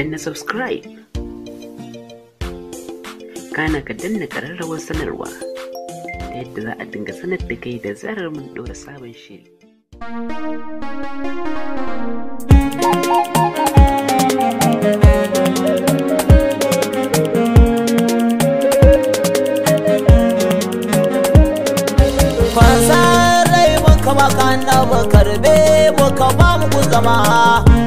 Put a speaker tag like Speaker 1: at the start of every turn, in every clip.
Speaker 1: danna subscribe kana ka danna ƙararrawar sanarwa ta yadda za a dinga sanar da kai da zarar mun ɗora sabon shiri
Speaker 2: Fansa rai maka maka na karbe maka ba mu zama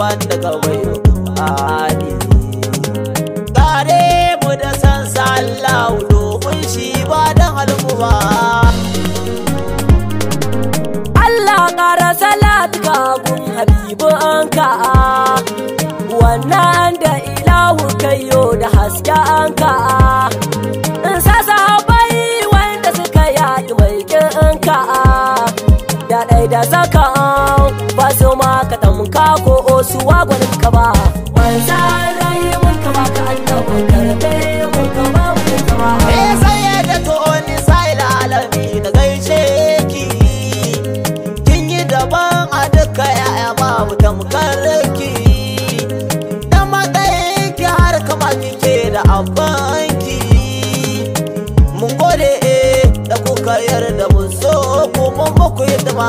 Speaker 2: wanda mai ani kare mu da san sallahu domin shi ba da halmu
Speaker 1: Allah kara salat ka kun habibu ka wannan da ilahu kayo da haske an in sa suka da da zaka ba su maka mun ka ko osuwa gwanin ka ba wanza rayi mun ka ba ka Allah mun karbe mun ka ba mun ka ba me sai da to ni
Speaker 2: sai la alami da gaishe ki kin yi daban a duka yaya ba mu tamkar ki dan ma matsayin ki har ki ke da abban mun gode eh, da kuka yarda mun so ku mun muku yadda ma.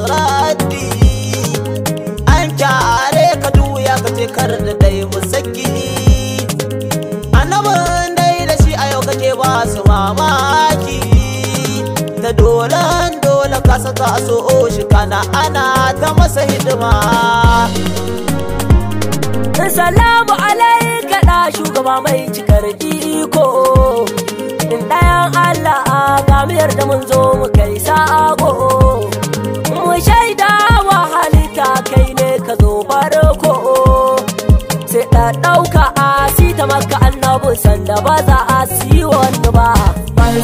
Speaker 2: ta taso shi kana ana
Speaker 1: ta masa hidima Salamu alaika da shugaba mai cikar iko In ɗayan Allah ga mu yarda mun zo mu kai sako Mu shaida wa halitta kai ne ka zo farko Sai ɗa ɗauka a sita maka annabu sanda ba za a siyo wani ba Ban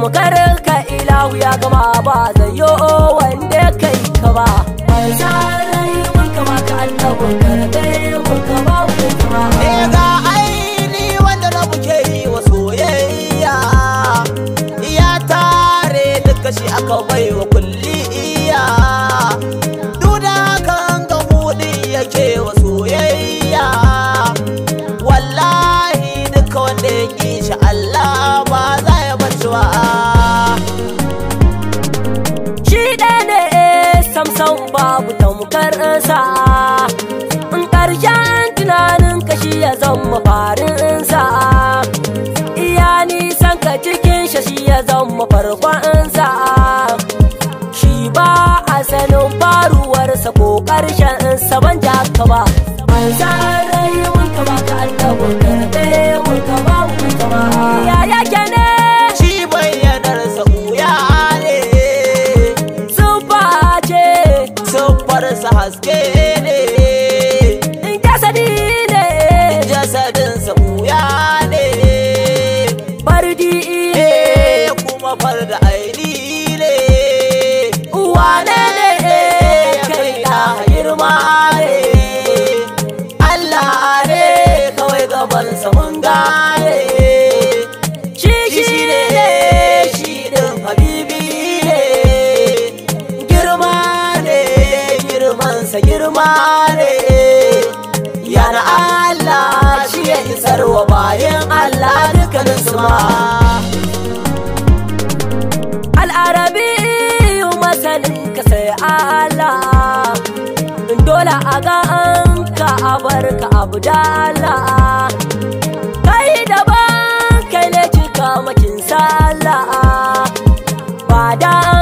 Speaker 1: mu karin ka ilahu gama ba zai yo wani ɗaukar sa in ƙarshen tunanin kashi ya zama farin sa iya nisan ka cikin shi ya zama farkon sa shi ba asalin faruwarsa ko ƙarshen sa jaka ba
Speaker 2: rasa haske ne jasadi ne jasadinsa wuya ne fardi ne eh, kuma farda aini ne wane ne eh, kai ta girma ne isa girma ne yana Allah shi ya isarwa bayan Allah
Speaker 1: dukkanin su ma al'arabi masanin ka sai Allah dole a ga an ka abar ka abu da Allah kai daban kai ne cika makin sallah ba da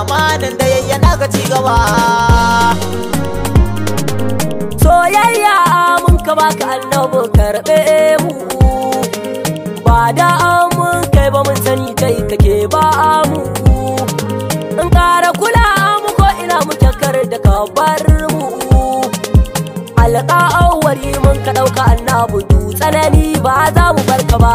Speaker 2: zamanin da na ga cigaba
Speaker 1: soyayya mun ka baka annabu karɓe mu ba da mun kai ba mun sani kai kake ba mu in ƙara kula mu ko ina muke kar da ka mu alƙa awwali mun ka ɗauka annabu tsanani ba za mu barka ba.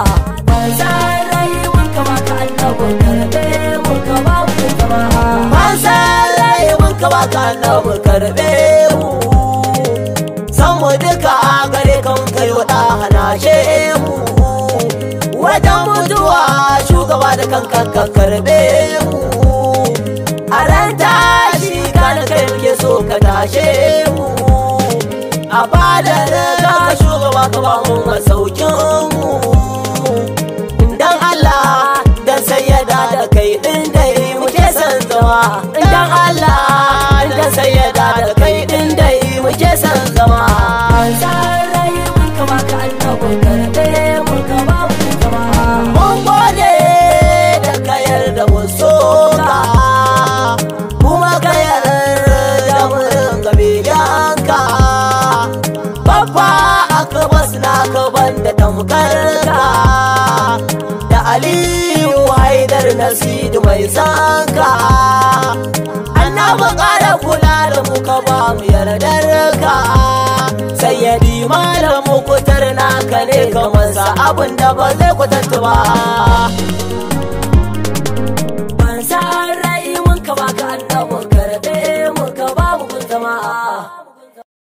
Speaker 1: kama ka annabin karbe mu ka ba mu jama'a ban sarai mun kama ka annabin karbe
Speaker 2: mu san mu duka gare kan kai wada hanashe mu wajen mutuwa shugaba da kanka ka karbe mu a ran tashi kana kai muke so ka tashe mu a fadar ka shugaba ka ba mu masaukin mu musulmai din dai muke san zama sarai mun kama ka mun kama zama mun gode da kayar da wasu ka kuma kayar da mun babba na ka da tamkar ka da aliyu haidar nasidu mai zanka mu ƙara kula da mu ka ba mu yardar ka sayyadi malamu kutar naka ne kamar sa abin da ba zai kwatantu ba